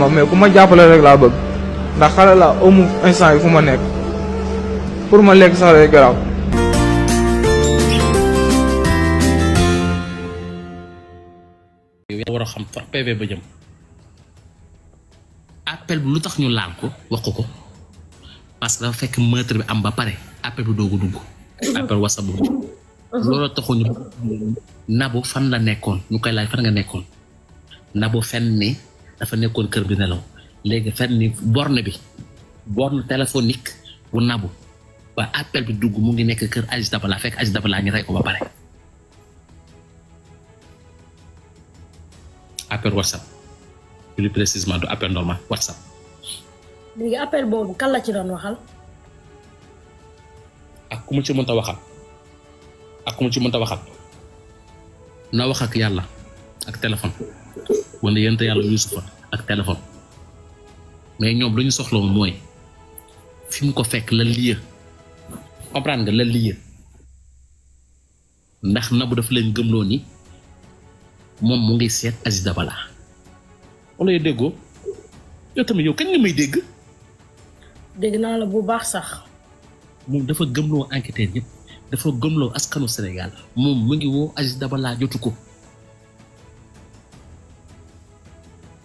ma mais ku ma jàppale rek laa bëgg ndax xale laa amu instant yi fu ma nekk pour ma lekk sax rek garaaw appel bi lu tax ñu laal ko wax ko parce que fekk meurtre bi am ba pare appel bi doogu dugg appel whatsapp bu loolu taxuñu Nabou fan la nekkoon ñu koy laaj fan nga nekkoon Nabou fenn dafa nekkoon kër bi nelaw léegi fenn ni borne bi borne téléphonique bu nabu ba appel bi dugg mu ngi nekk kër Aziz Dabala fekk Aziz Dabala ñu rey ko ba pare appel whatsapp plus précisément du appel normal whatsapp léegi appel boobu kan la ci doon waxal ak ku mu ci mënta waxal ak ku mu ci mënta waxal na wax ak yàlla ak téléphone wala yente yàlla yusufa ak téléphone mais ñoom lu ñu soxla woon mooy fi mu ko fekk la liya comprendre nga la liya ndax nabu dafa leen gëmloo ni moom mu ngi seet Aziz Dabala wala yow déggoo yow tamit yow kañ may dégg dégg naa la bu baax sax moom dafa gëmloo enquêteur yëpp dafa gëmloo askanu Sénégal moom mu ngi woo Aziz Dabala jotu ko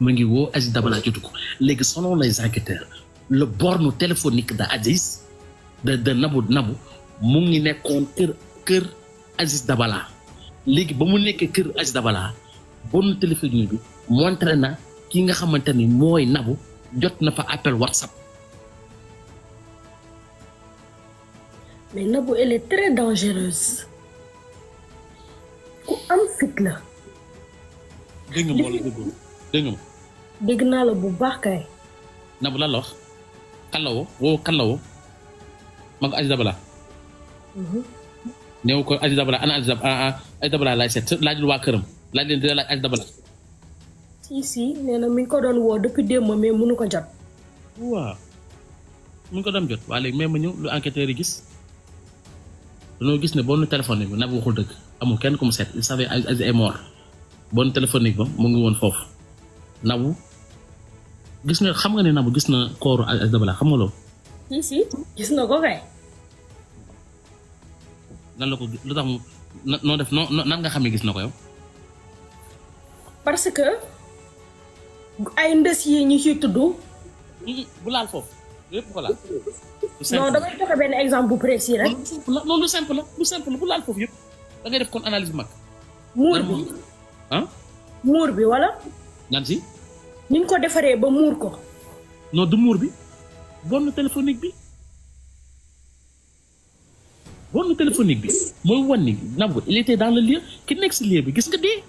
mu ngi woo Aziz Dabala jotu ko léegi selon lay enquêteurs le borne téléphonique de Aziz de de nabu Nabou mu ngi nekkoon kër kër Aziz Dabala léegi ba mu nekkee kër Aziz Dabala borne téléphonique bi montré na ki nga xamante ni mooy nabu jot na fa appel WhatsApp. mais Nabou dégg nga. la bu baax kay. na bu lan la wax. kan la woo woo kan la woo ma mhm. ko Aziz ana Aziz Dabala laay seet laajul waa këram laaj leen laaj Aziz Dabala. si si mi ngi ko doon woo depuis démb mais mënu ko jot. waaw mu ngi ko doon jot waa léegi mais ma ñëw lu enquêteurs yi gis dañoo gis ne bonne téléphonique bi nag waxul dëgg amul kenn ku mu seet il savait Aziz est mort bonne téléphonique ba mu ngi woon foofu. nabu gis nga xam nga ne nabu gis na kooru Aziz Dabala xam nga loolu. si gis na ko kay. nan ko lu noo def noo nan nga xam ne gis na ko yow. parce que ay ndës yi ñu ciy tudd. Mm-hmm, bu laal foofu lépp ko laal. non exemple bu précis rek. non lu simple la lu simple la bu laal foofu yëpp da ngay def kon analyse mag. muur bi muur bi wala. ñan si. ni ko defaree ba muur ko. non du muur bi borne téléphonique bi borne téléphonique bi mooy wan ni Nabou il était dans le lieu ki nekk si lieu bi gis nga dee.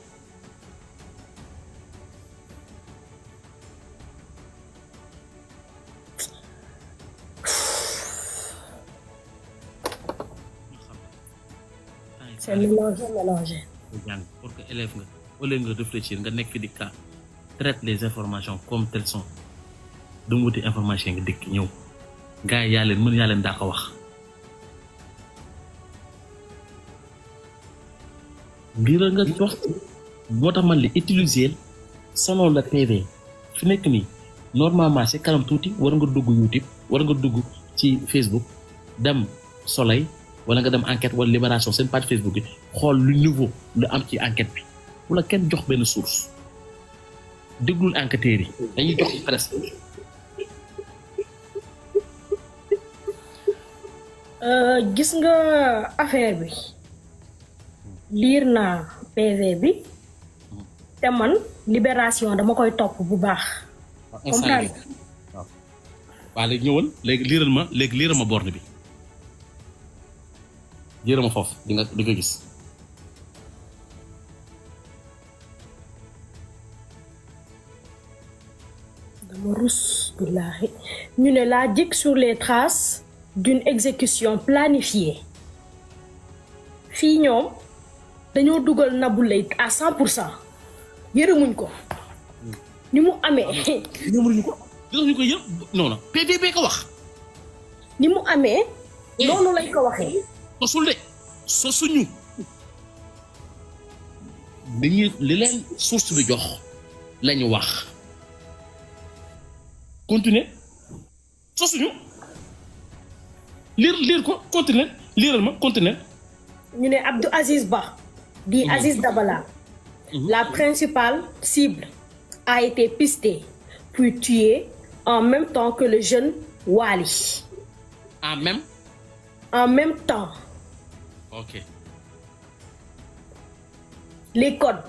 c'est pour que élève nga au lieu nga réfléchir nga nekk di cas. traite les informations comme telles sont dama wuti information ngi dëkk ñëw gars yi yaa leen mën yaa leen daa ko wax mbir nga wax moo tax man li utiliser Sanoo la TV fu nekk nii normalement si kanam tuuti war nga dugg YouTube war nga dugg ci Facebook dem Soleil wala nga dem enquête wala Libération seen page Facebook bi xool lu nouveau lu am ci enquête bi wala kenn jox benn source déglul enquêteurs yi dañuy jox presse euh, gis nga affaire bi liir naa PV bi te man libération dama koy topp bu baax comprendre waaw waaw léegi ñëwal léegi liiral ma léegi liiral ma borne bi liiral ma foofu di nga gis tous ñu ne la DIC sur les traces d'une exécution planifier fii ñoom dañoo dugal Nabou Leye à cent pour cent yërëmuñ ko ni mu amee. yërëmuñ ko yërëmuñ ko yë ko wax. ni mu amee. loolu eh. lañ ko waxee. sosul de li leen source bi jox lañu wax. continuer sosuñu liir liir ko continuer liiral ma continuer ñu ne Abdou Aziz Ba di mm-hmm. Aziz Dabala mm-hmm. la principale cible a été pistée puis tuée en même temps que le jeune Wali en même en même temps les codes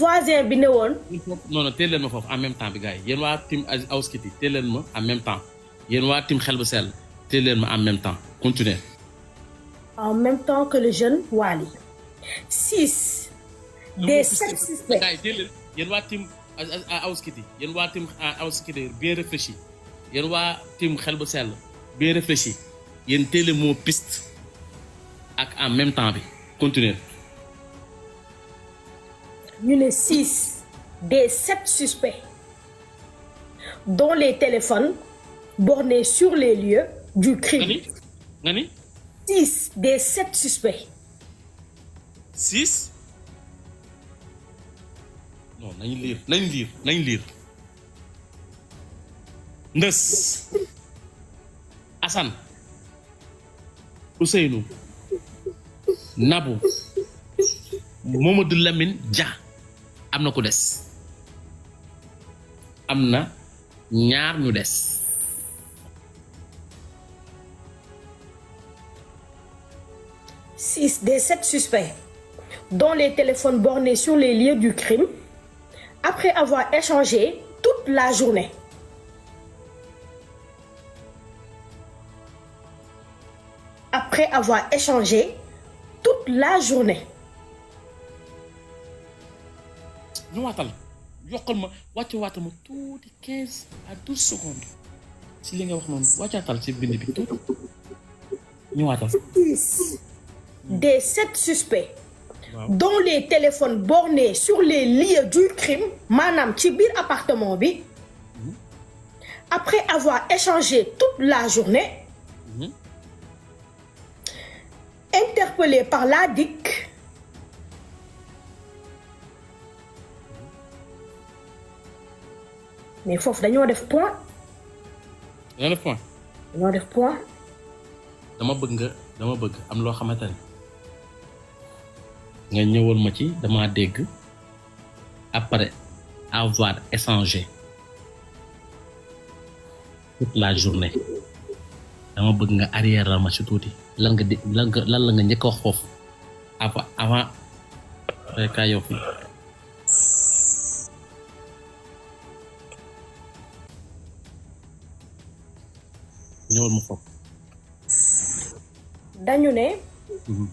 voisin bi ne woon. non non ma foofu en même temps bi gars yi yéen waa team Aouskiti teel leen ma en même temps yéen waa xel bu sell teel leen ma en même temps continuez. en même temps que le jeune Wally. six. des sept suspects gars yi teel leen waa tim Aouskiti yéen waa team Aouskiti bien réfléchi yéen waa team xel bu sell bien réfléchi yéen teel moo piste ak en même temps bi continuez. ñu ne six des sept suspects dont les téléphones bornés sur les lieux du crime. nga ni six des sept suspects. six. non liir nañ liir nañ liir. Ndës Assane Ousseynou Nabou Mamadou Lamine Dia. am na ku des am na ñaar ñu des six des sept suspects dont les téléphones bornés sur les lieux du crime après avoir échangé toute la journée après avoir échangé toute la journée ñëwaatal yokkal ma wàcce waatal ma tuuti quinze à douze secondes si li nga wax noonu wàccaatal si bind bi tuuti ñëwaatal des sept suspects dont les téléphone bornés sur les lieux du crime maanaam ci biir appartement bi mm-hmm. après avoir échangé toute la journée mm-hmm. interpellé par la DIC mais foofu dañoo def point. dañoo def point. dama bëgg nga dama bëgg am loo xamante ne nga ñëwal ma ci dama dégg après avoir échangé toute la journée dama bëgg nga arrière ma ci tuuti lan nga di lan nga la nga njëkk a wax foofu avant avant kay yow ñëwal mu foog. ne. Mhm.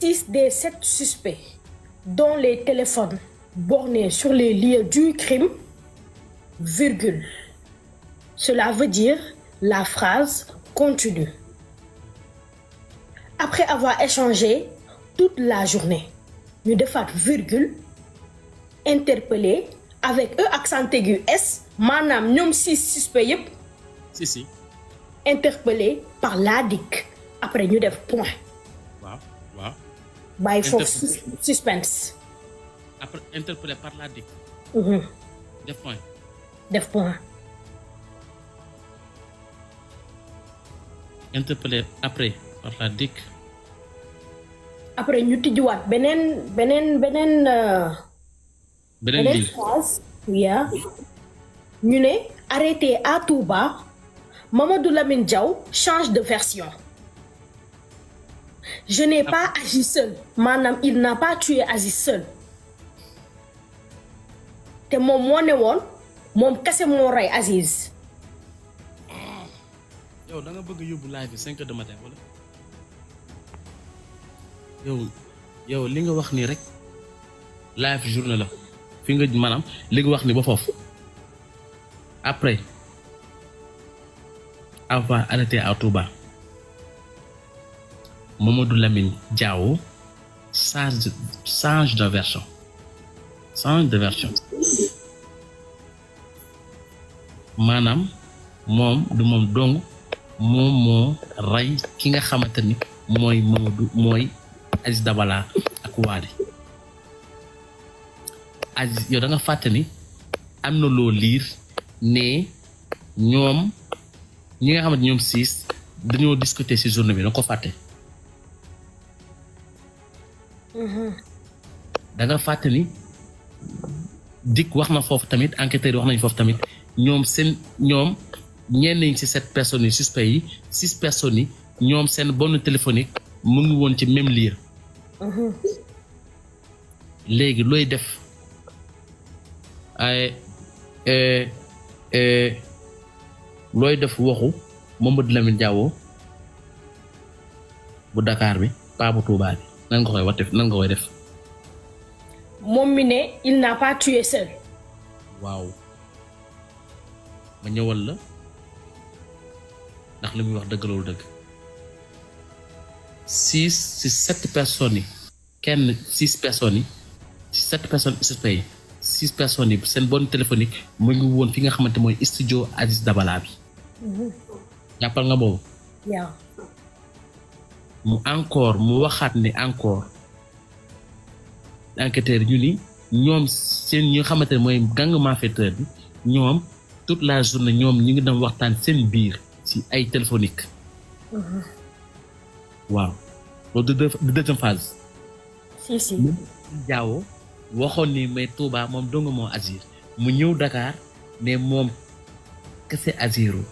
six des sept suspects dont les téléphones bornés sur les lieux du crime virgule cela veut dire la phrase continue après avoir échangé toute la journée ñu defaat virgule interpellé avec e accent aigu s maanaam ñoom six suspects yépp interpellé par l'ADIC après ñu def point. waaw waaw. bàyyi foofu suspense. après interpellé par l'ADIC. Mhm. def point. def après ñu tijjiwaat beneen beneen beneen. Euh, beneen ñu ne arrêté à Touba. Mamadou Lamine Diaw change de version je n'ai pas agi seul maanaam il n'a pas tué Aziz seul te moom moo ne woon moom kese moo rey Aziz. yow danga bëgg yóbbu live bi cinq heures de matin yow yow li nga wax nii rek live journée la fi nga maanaam li nga wax ni ba foofu après. avant arrêté à Touba Mamadou Lamine Diao change change de version change de version maanaam moom du moom dong moom moo rey ki nga xamante ni mooy Mamadou mooy Aziz Dabala ak Waly Aziz yow da nga am na loo liir ne ñoom ñi nga xamante ñoom siis dañoo discuter ci journée bi da ko fàtte. Mm-hmm. da nga fàtte ni dikk wax na foofu tamit enquêteurs wax nañu foofu tamit ñoom seen ñoom ñenn ñi ci sept personnes yi suspect yi six personnes yi ñoom seen bonne téléphonique mu ngi woon ci même liir mm-hmm. léegi looy def ay. Euh, euh, looy def waxu Mamadou Lamine Diawo bu dakaar bi paa bu Touba bi nan nga koy wax nan nga koy def. moom mi ne il n'a pas waaw ma ñëwal la ndax li muy wax dëgg loolu dëgg six si sept personnes yi kenn six personnes yi si sept personnes suspectes yi yi seen bonne téléphonique mu ngi woon fi nga xamante mooy studio Aziz dabalaa bi. Mm jàppal nga boobu. Yeah. mu encore mu waxaat ni encore enquêteur ñu ni ñoom seen ñi nga xamante ne mooy gang bi ñoom toute la journée ñoom ñu ngi dem waxtaan seen biir ci ay téléphonique. Mm-hmm. waaw loolu de de deuxième phase. si waxoon ni mais Touba moom dong moo azir mu ñëw Dakar ne moom kese aziru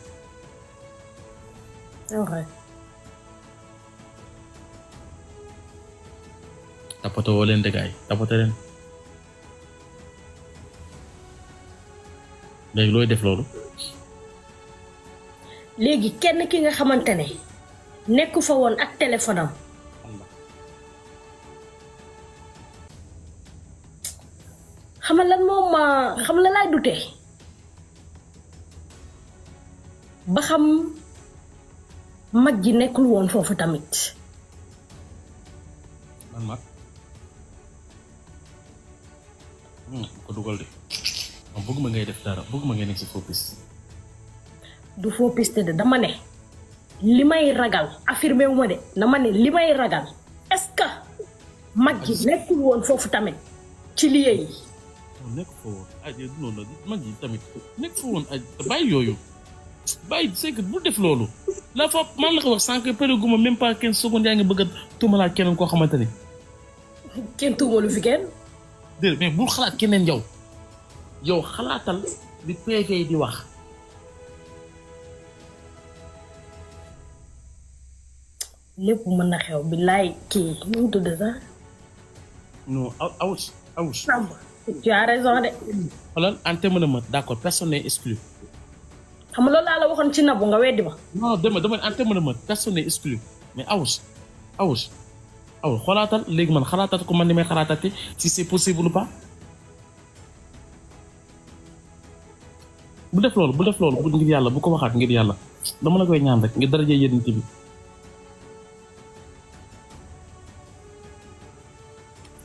tappato woo leen dëggaay tappato leen léegi looy def loolu léegi kenn ki nga xamante ne nekku fa woon ak téléphone am xam lan moom xam la laay dutee ba xam mag ji nekkul woon foofu tamit. man mag hmm, ko dugal de man ma ngay def dara bëgg ma ngay nekk ci du faux dama ne li may ragal affirmé wu ma de dama li may ragal est-ce mag ji nekkul woon foofu tamit ci liggéey yi. nekk foo woon ah yooyu. bàyyi c'est bu def loolu la fa man la ko wax sànq pérégu ma même pas quinze secondes yaa ngi bëgg a tuumalaat keneen koo xamante ni. kenn tuumalu fi kenn. bul xalaat keneen yow yow xalaatal li PV di wax. lépp mën na xew billaay kii nu mu tudd sax. non awus awus. tu as raison de. xoolal en terme de mot d' accord personne expli xam nga loolu laa la waxoon ci nabu nga weddi ma. non dama dama en terme ah, de man personne n'est exclu mais awus awus awus xoolaatal léegi man xalaatat ko man ni may xalaatati si c'est possible ou pas. bu def loolu bu def loolu bu ngir yàlla bu ko waxaat ngir yàlla dama na koy ñaan rek ngir daraja yéen bi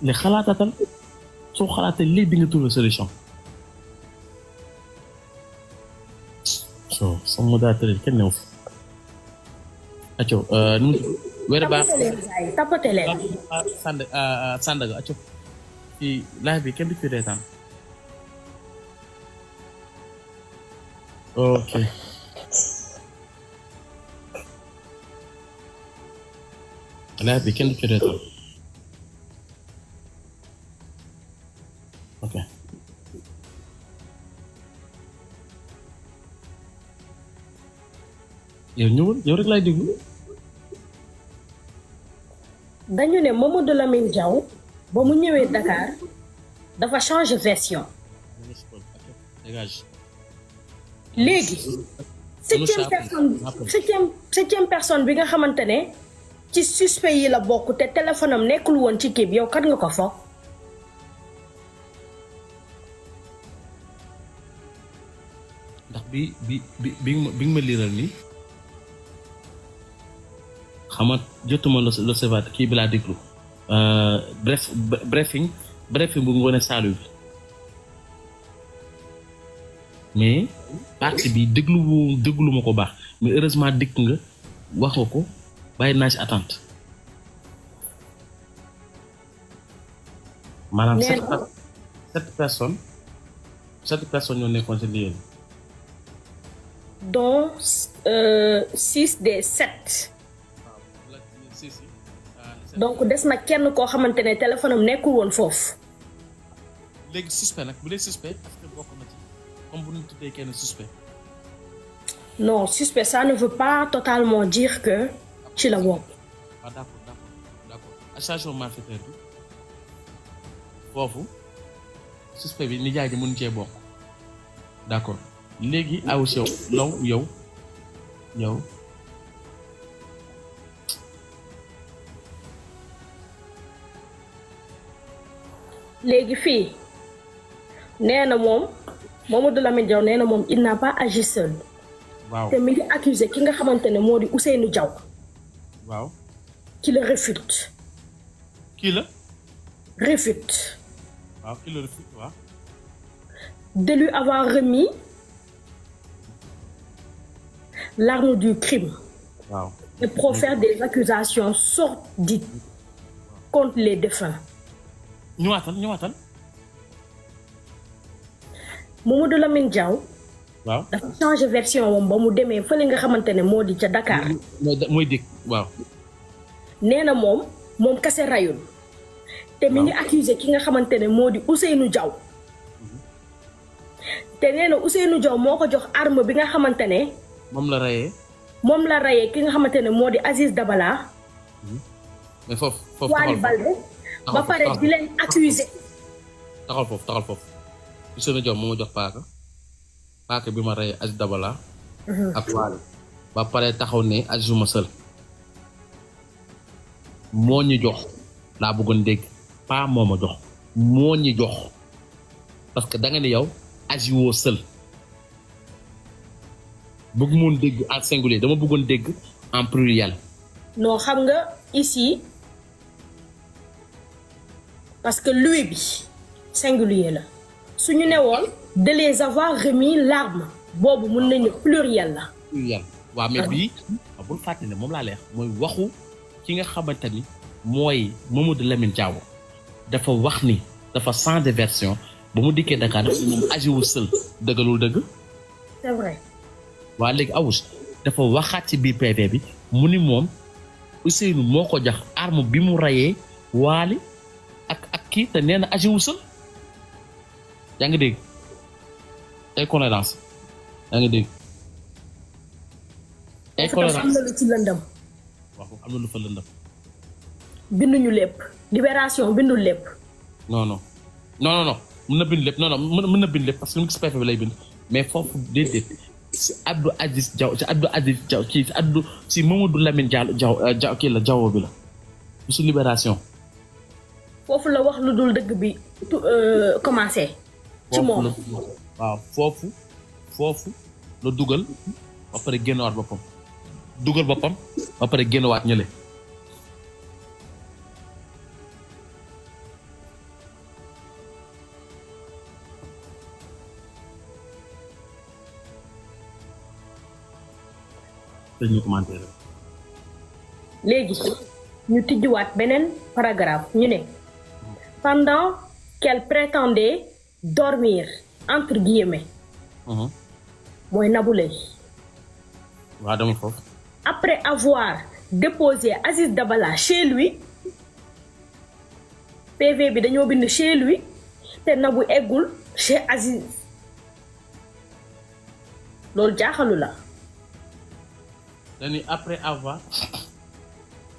li xalaatatal soo xalaatee léegi bi nga trouver solution. so sammo daataleen kenn new fi acco nu wér baax tapote leen sand sandaga acco ci live bi kenn du ci reetaan ok live bi kenn du ci yow ñëwul yow rek laay déglu. dañu ne Mamadou Lamine Diaw ba mu ñëwee Dakar dafa changer version. léegi. septième personne septième septième personne bi nga xamante ne ci suspect yi la bokk te téléphone am nekkul woon ci kii yow kat nga ko foog. ndax bi bi bi bi nga ma liiral nii. xama jotuma l'observateur kii bi laa déglu euh, bref briefing briefing bu ngoone saalu bi mais parti bi déglu bu déglu ma ko baax mais heureusement dikk nga wax ko bàyyi naa si attente maanaam sept sept personnes sept personnes ñoo nekkoon si liggéey dont euh, six des donc des na kenn koo xamante ne téléphone am nekkul woon foofu. léegi suspect nag bu dee suspect parce bokk na ci comme bu ñu tuddee kenn suspet non suspect ça ne veut pas totalement dire que ci la bokk. waaw d' accord d' accord d' bi foofu suspect bi nijaay ji cee bokk d' accord léegi aw ah, yow law yow yow. léegi fii nee na moom de Lamine Diaw nee na moom il n'a pas agi seul. te mi ngi accusé ki nga xamante ne moo di Ousseynou Diaw. waaw. qui le réfute. qui le. réfute. waaw qui le réfute waaw. de lui avoir remis l'arme du crime. waaw et des accusations sordides contre les défunts. ñëwaatal ñëwaatal. Mamadou Lamine Diaw. waaw dafa changé version moom ba mu demee fële nga xamante ne moo di ca dakaar mooy dégg waaw. nee na moom moom kase rayul. te mi ngi accusé ki nga xamante ne moo di Ousseynou Diaw. Mhm. te nee na Ousseynou Diaw moo ko jox arme bi nga xamante ne. moom la rayee. moom la reyee ki nga xamante ne moo di Aziz Dabala. Mhm. mais foofu foofu Waly ba pare di leen accuser taxal foofu taxal foofu Youssou Diop moo ma jox paaka paaka bi ma rey Aziz Dabala mhm. ak Waly ba pare taxaw ne Azizuma Sël moo ñu jox laa bëggoon dégg paa moo ma jox moo ñu jox parce que da nga ne yow Aziwo Sël bëgg moon dégg en singulier dama bëggoon dégg en pluriel non xam nga ici parce que lui bi singulier la su ñu ne woon de les avoir remis l'arme boobu mun nañu pluriel la. pluriel waaw mais ah. bii. Ah, bul fàtte ne moom laa leex mooy waxu ki nga xamante ni mooy Mamadou Lamine Diawo dafa wax ni dafa sans diversion ba mu dikkee Dakar dafa moom agiwul sël dëggalul dëgg. c'est vrai. waa léegi awus dafa waxaat ci biir PV bi mu ni moom Ousseynou moo ko jox arme bi mu rayee waali kii te nee na aji wusul yaa ngi dégg incohérence yaa ngi dégg. incohérence am na am na lu fa lëndam. binduñu lépp libération bindul lépp. non non non non non mën na bind lépp non non mën na bind lépp parce que lu mu gis bi lay bind mais foofu déedéet si Abdou Aziz Diaw si Abdou Aziz Diaw ci si Abdou si Mamadou Lamine Diallo Diaw euh, kii la Diawo bi la su libération. foofu la wax lu dul dëgg bi euh, commencé. ci moom waaw foofu foofu la dugal ba pare génnewaat boppam dugal boppam ba pare génnewaat ñële. ñu commenté léegi ñu tijjiwaat beneen paragraphe ñu ne. pendant qu'elle prétendait dormir entre guillemets. Mhm. mooy Nabou Leye. waaw dama foofu. après avoir déposé Aziz Dabala chez lui PV bi dañoo bind chez lui te Nabou eggul chez Aziz loolu jaaxalu la. dañuy après avoir.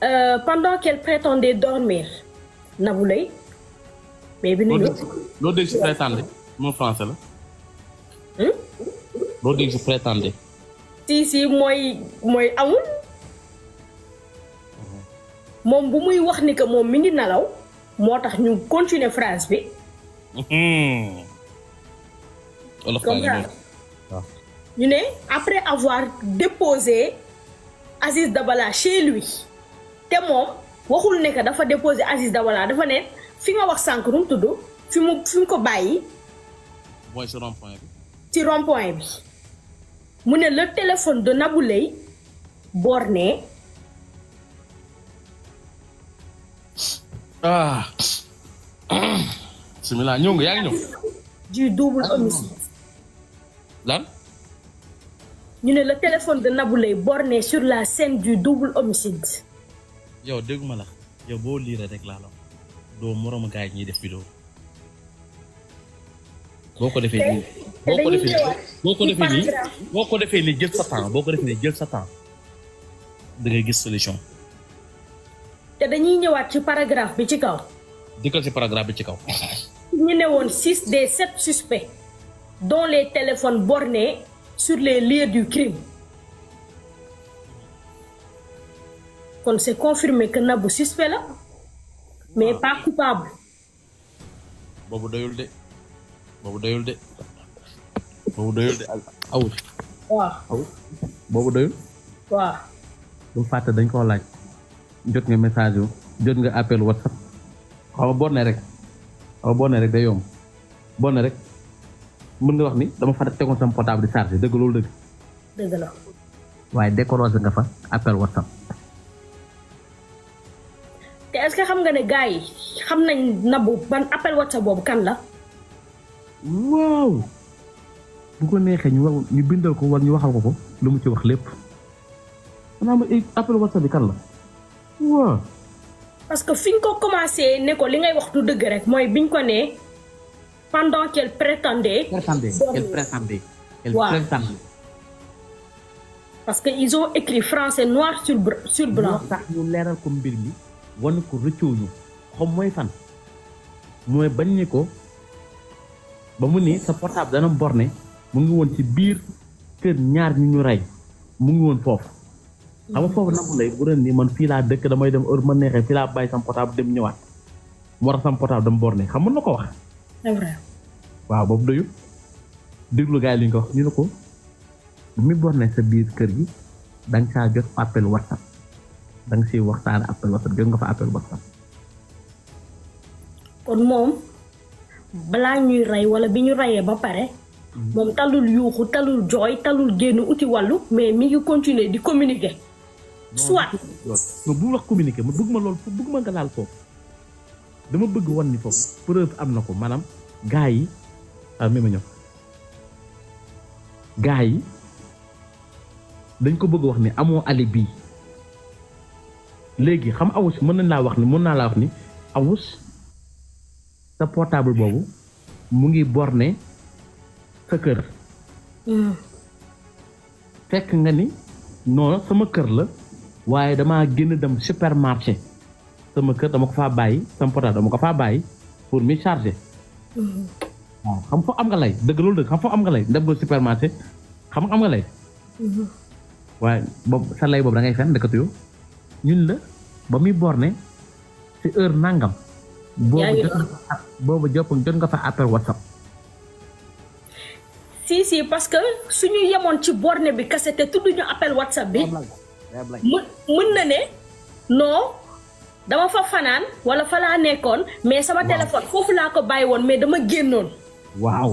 Euh, pendant qu'elle prétendait dormir Nabou Leye. mais bi ñu. loo dégg si prétendé moom français la. Hmm? loo dégg si prétendé. si si mooy mooy amul. moom bu muy wax ni que moom mi ngi nelaw moo tax ñu continuer phrase bi. Hmm. ñu ne après avoir déposé Aziz Dabala chez lui te moom waxul ne que dafa déposé Aziz Dabala dafa ne. fi nga wax sànq nu mu tudd fi mu fi mu ko bàyyi. mooy ci rond point bi. mu ne la téléphone de Nabou Leye borné. ah. bismillah ñëw nga yaa ngi ñëw. du double homicide. lan. ñu ne la téléphone de Nabou Leye borné sur la scène du double homicide. yow dégg la yow boo liiree rek laa doo moroom gars yi ñuy def vidéo boo ko defee nii boo ko defee nii boo ko defee nii jël sa temps boo ko defee nii jël sa temps dangay gis solution. te dañuy ñëwaat ci paragraphe bi ci kaw. dikkal ci paragraphe bi ci kaw. ñu ne woon six des sept suspects dont les téléphone borne sur les lieux du crime. kon c'est confirmé que nabu suspect la. mais ah, pas coupable. boobu doyul de boobu doyul de boobu doyul de awul. waaw awul boobu doyul. waaw. bu dañ koo laaj jot nga message yu jot nga appel whatsapp xaw ma borne rek xaw ma borne rek day yomb rek mën nga wax ni dama fàtte tegoon sama portable di chargé dëgg loolu dëgg. waaye décroché nga fa appel whatsapp. est que xam nga ne gars yi xam nañ nabu ban appel WhatsApp boobu kan la. waaw. bu ko neexee ñu war ñu bindal ko war ñu waxal ko ko lu mu ci wax lépp. xanaa ma eh, WhatsApp bi kan la. waaw. parce que fi ñu ko commencé ne ko li ngay wax tu dëgg rek mooy biñ ko nee pendant qu'elle prétendait. prétendait elle prétendait. elle prétendait. parce que ils ont écrit français noir sur sur ñu leeral ko mbir mi. wan ko rëccuwuñu xom mooy fan mooy bañ ni ko ba mu ni sa portable dana borné mu ngi woon ci biir kër ñaar ñu ñu rey mu ngi woon foofu xam nga foofu namb lay bu ni man fii laa dëkk damay dem heure ma neexee fii laa bàyyi sam portable dem ñëwaat mu war a sam portable dama borné xam mën na ko wax waaw boobu doyut déglu gars yi li ñu ko wax ñu ne ko bu muy borné sa biir kër gi danga saa jot appel whatsapp da nga si waxtaan appel whatsapp jóg nga fa appel whatsapp kon moom balaa ñuy rey wala bi ñu reyee ba pare moom talul yuuxu talul jooy talul génn uti wàllu mais mi ngi continuer di communiquer soit non bu wax communiquer ma bëgg ma lool bëgg ma nga foofu dama bëgg wan ni foofu preuve am na ko maanaam gaa yi mi ma ñëw gaa yi dañ ko bëgg wax ni amoo alibi léegi xam awus mën nañ laa wax ni mën naa laa wax ni awus sa portable boobu mu ngi borne sa kër hmm. fekk nga ni non sama kër la waaye damaa génn dem supermarché sama kër dama ko faa bàyyi sama portable dama ko faa bàyyi pour mi charger hmm. waaw xam foo am nga lay dëgg loolu dëgg xam foo am nga lay dem ba supermarché xam am nga lay hmm. waaye boobu sa lay boobu da ngay fen dëkkatu ñun la ba muy borne si heure nangam. boobu jot nga fa boobu jot whatsapp. si si parce que suñu yemoon ci borne bi kese te tudd ñu appel whatsapp bi. mën na ne noo dama fa fanaan wala fa laa nekkoon. mais sama téléphone foofu laa ko bàyyi woon mais dama génnoon. waaw.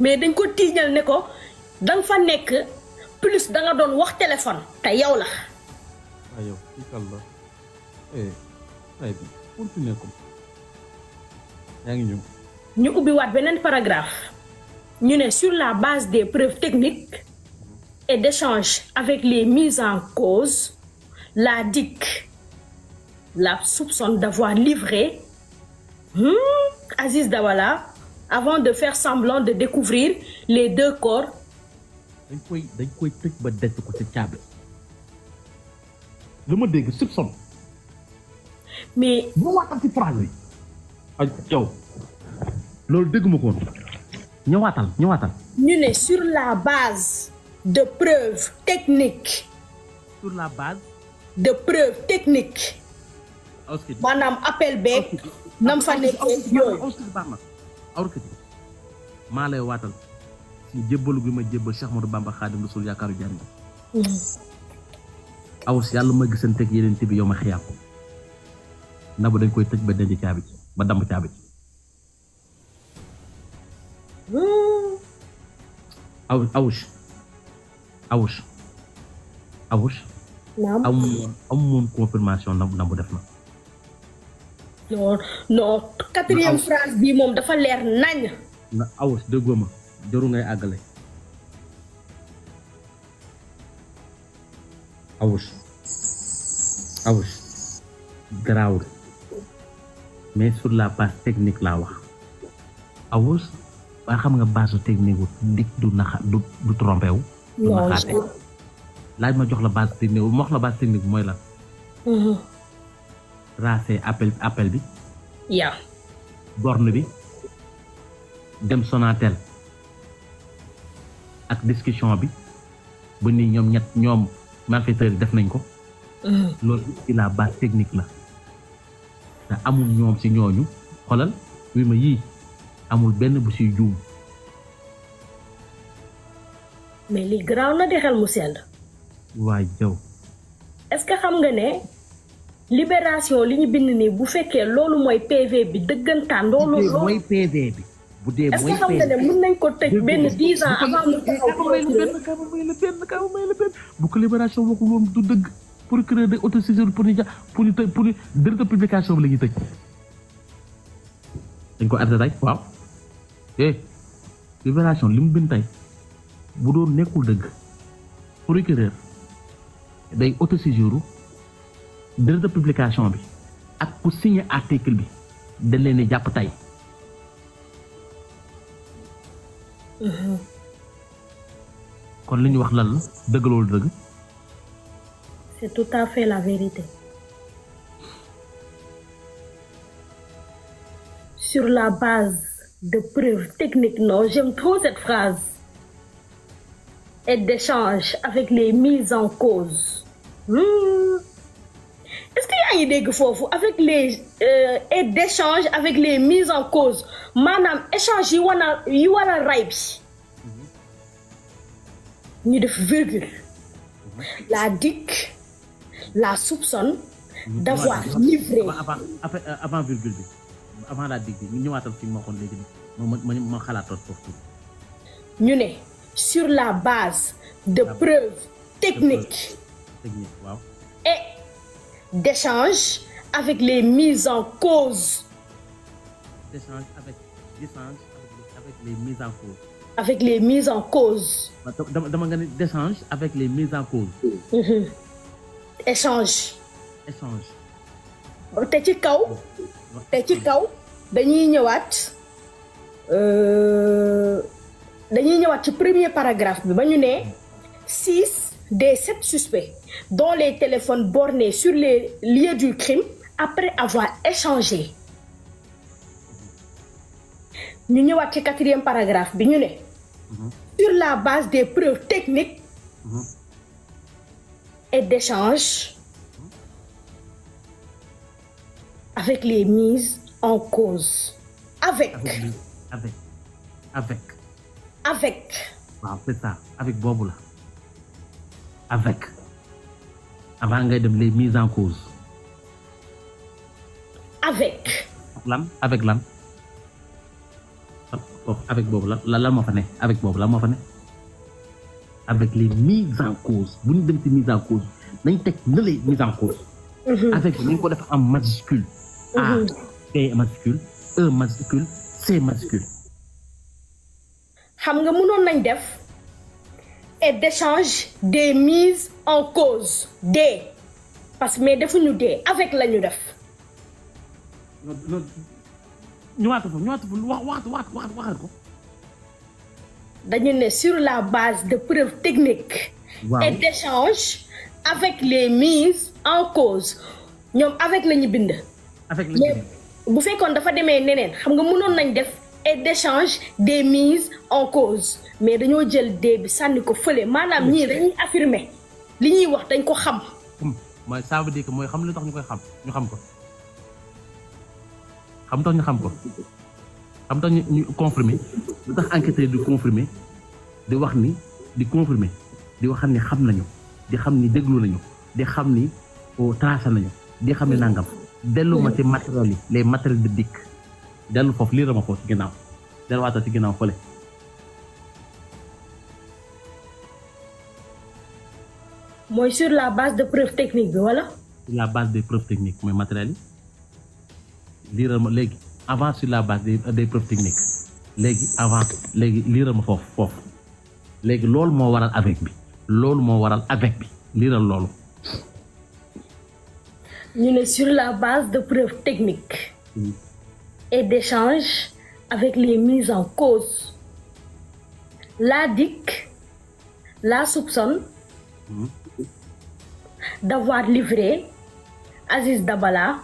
mais dañ ko tiiñal ne ko danga fa nekk. plus da nga doon wax téléphone a yow la. waaw yow kii ñu ubbiwaat beneen paragraphe ñu ne sur la base des preuves techniques et d'échanges avec les mises en cause la DIC la soupçonne d'avoir livré hmm, Aziz Dawala avant de faire semblant de découvrir les deux corps dañ koy dañ koy tëj ba denc ko caabi lu ma dégg soupçon mais bu waatal ci phrase bi ak yow loolu dégguma ko woon ñëwaatal ñëwaatal ñu ne sur la base de preuves techniques sur la base de preuves techniques maanaam appel beeg nam fa nekk yooyu maa lay waatal ci jébbalu gi ma jébbal Cheikh Modou Bamba Xaadim Rasul yaakaaru jariñ mm. awus yàlla ma gisanteeg yeneen bi yow ma xiyaam na bu dañ koy tëj ba denc caabi ba damb caabi awus awus awus awus amu confirmation na na bu def na non non quatrième phrase bii moom dafa leer nañ na awus déggoo ma jëru ngay àggale awus awus garaawul mais sur la base technique laa wax awus waa xam nga base technique wu dik du naxa du du du naxaate laaj ma jox la base technique ma wax la base technique mooy la tracé mm-hmm. appel appel bi yaa borne bi dem Sonatel ak discussion bi ba ni ñoom ñett ñoom malfaiteurs yi def nañ ko. Mm-hmm. loolu ci la base technique la te amul ñoom si ñooñu xolal wi ma yii amul benn bu siy juum. mais li garaaw na di xel mu sell. waa jaw est-ce que xam nga ne libération li ñu bind nii bu fekkee loolu mooy PV bi dëggantaan. loolu mooy PV bi. bu dee mooy est-ce que xam nga ne mën nañ ko tëj benn dix ans may la fenn Kaba may la fenn bu ko libération waxul woon du dëgg procureur de autosaisine pour ñu ja pour ñu tëj pour ñu bi la ñuy tëj ko arrêté tey waaw eh libération li bu doon nekkul dëgg procureur bi ak ku signé article bi dañ leen di jàpp tey kon li ñu wax lan la dëgg c'est tout à fait la vérité. sur la base de preuves technique non j'aime trop cette phrase et d'échanges avec les mises en cause. Mmh. yaa dégg foofu avec les aides euh, d'échange avec les mises en cause maanaam échange yi war a yi ray bi ñu def virgule la DIC la soupçonne d'avoir livré euh, avant virgule bi avant bi ñu ñëwaatal fi ma waxoon léegi ma ma xalaatoon foofu ñu ne sur la baase de preuves technique d'échange avec les mises en cause. d'échange avec avec les mises en cause. avec les mises en cause. dama dama nga ne d'échange avec les mises en cause. Mm-hmm. échange. échange. te ci kaw. te ci kaw dañuy ñëwaat euh, dañuy ñëwaat ci premier paragraphe bi ba ñu ne six. de sept suspects dont les téléphones bornés sur les lieux du crime après avoir échangé ñu ñëwaat ci quatrième paragraphe bi ñu ne mhm. sur la base des preuves techniques mmh. et d'échanges mmh. avec les mises en cause avec avec boobu la avec avant ngay dem les mises en cause. avec. lan avec lan avec boobu la la la moo fa ne avec boobu lan moo fa ne avec les mises en cause bu ñu dem ci mise en cause nañ teg na les mises en cause. Mhm. avec nañ ko def am majuscule. A P mhm. majuscule E majuscule C majuscule. xam nga mënoon nañ def. et d'échange des mises en cause des parce que mais defuñu dee avec la ñu def. ñëwaat fa ñëwaat fa wax wax wax waxal ko. dañu ne sur la base de preuves technique Wow. et d'échange avec les mises en cause ñoom avec la ñu bind. avec bu fekkoon dafa demee neneen xam nga munoon nañ def. et d'échange des mises en cause mais dañoo jël dee bi sànni ko fële maanaam ñii dañuy affirmer li ñuy wax dañ ko xam. Um, mooy ça veut ko mooy xam lu tax ñu koy xam ñu xam ko xam tax ñu xam ko xam tax ñu confirmer lu tax enquêteurs di confirmer di wax ni di confirmer di wax ni xam nañu di xam ni déglu nañu di xam ni oh, tracé nañu di xam ni nangam dellu ma ci matériel yi les matériels de dikk dellu foofu liirama ko ci ginnaaw delluwaatal ci ginnaaw fële mooy sur la base de preuve technique bi wala sur la base de preuves techniques mooy matériel yi liiral ma léegi avant sur la base des preuves techniques léegi avant léegi liiral ma foofu foofu léegi loolu moo waral avec bi loolu moo waral avec bi liiral loolu ñu ne sur la base de preuve technique mm. et d'échange avec les mises en cause. La DIC la soupçonne mmh. d'avoir livré Aziz Dabala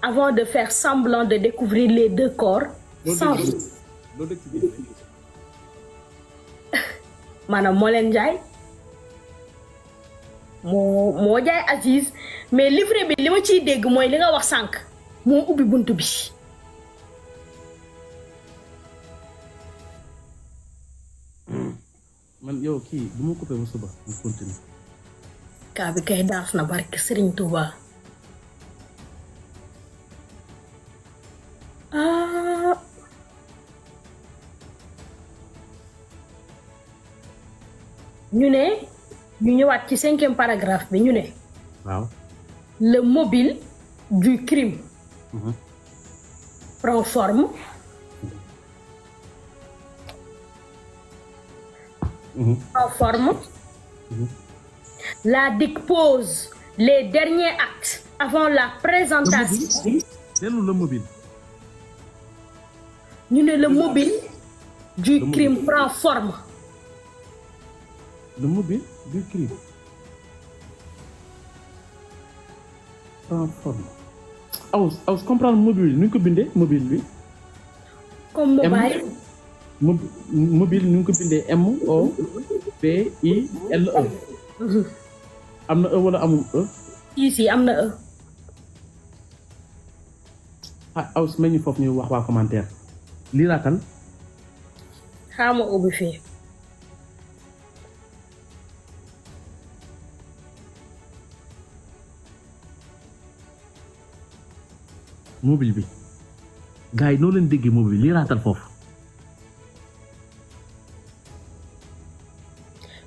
avant de faire semblant de découvrir les deux corps sans vie. moo leen jaay moo moo jaay Aziz mais livré bi li ma ciy dégg mooy li nga wax sànq moo ubbi bunt bi. man yow kii bu ma coupé mu suba mu continue kaa bi kay daas na barke Serigne Touba ah. ñu ne ñu ñëwaat ci cinquième paragraphe bi ñu ne waaw le mobile du crime mhm. prend Mhm. en forme. la DIC pose les derniers actes avant la présentation. dellu le mobile. ñu ne le mobile. du crime prend forme. le mobile du crime prend forme. aw aw comprendre mobile nu ñu ko bindee mobile bi. comme mobile. mobile ñu ngi ko bindee M O B I L E. am na E wala amul E. si si am na E. ah aw su foofu ñu wax waa commentaire lii laa kan. xaama ubbi fii. mobile bi gars yi noo leen déggee mobile lii raatal foofu.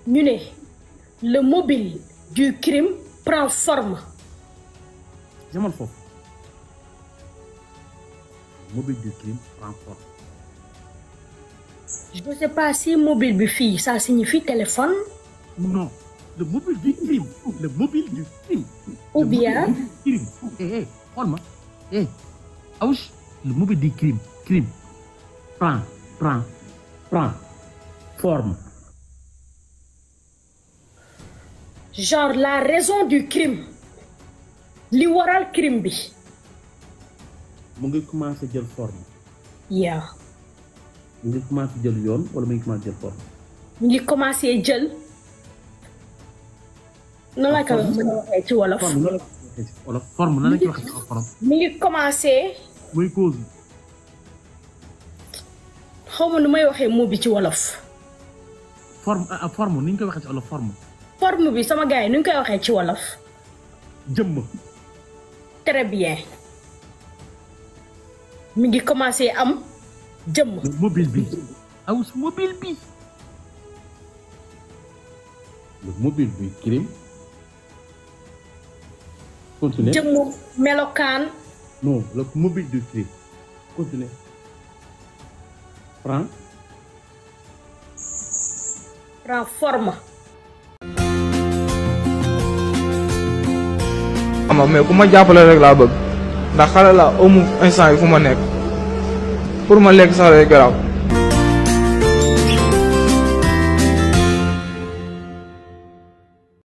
ñu ne le mobile du crime prend forme. jamono foofu mobile du crime prend forme. je ne sais pas si mobile bi fii ça signifie téléphone. non le mobile du crime ou bien crime eh eh, eh le mobile du crime crime prend prend forme. genre la raison du crime li waral crime bi. mu ngi commencé jël forme. yaa. mu ngi commencé jël yoon wala mu ngi commencé jël forme. mu ngi commencé jël. nan la ko mën ci wolof. forme nan la ko waxee ci wolof. mu ngi commencé. muy cause. xaw nu may waxee mot bi ci wolof. forme ah, ah forme ni ñu koy waxee ci wolof forme. forme bi sama gaa yi nu ñu koy waxee ci wolof. jëmm. très bien. mi ngi commencé am jëmm. mobile bi awus mobile bi. le mobile jëmm melokaan. non le xam nga mais ku ma jàppale rek laa bëgg ndax xale la amu instant yi fu ma nekk pour ma lekk sax day garaaw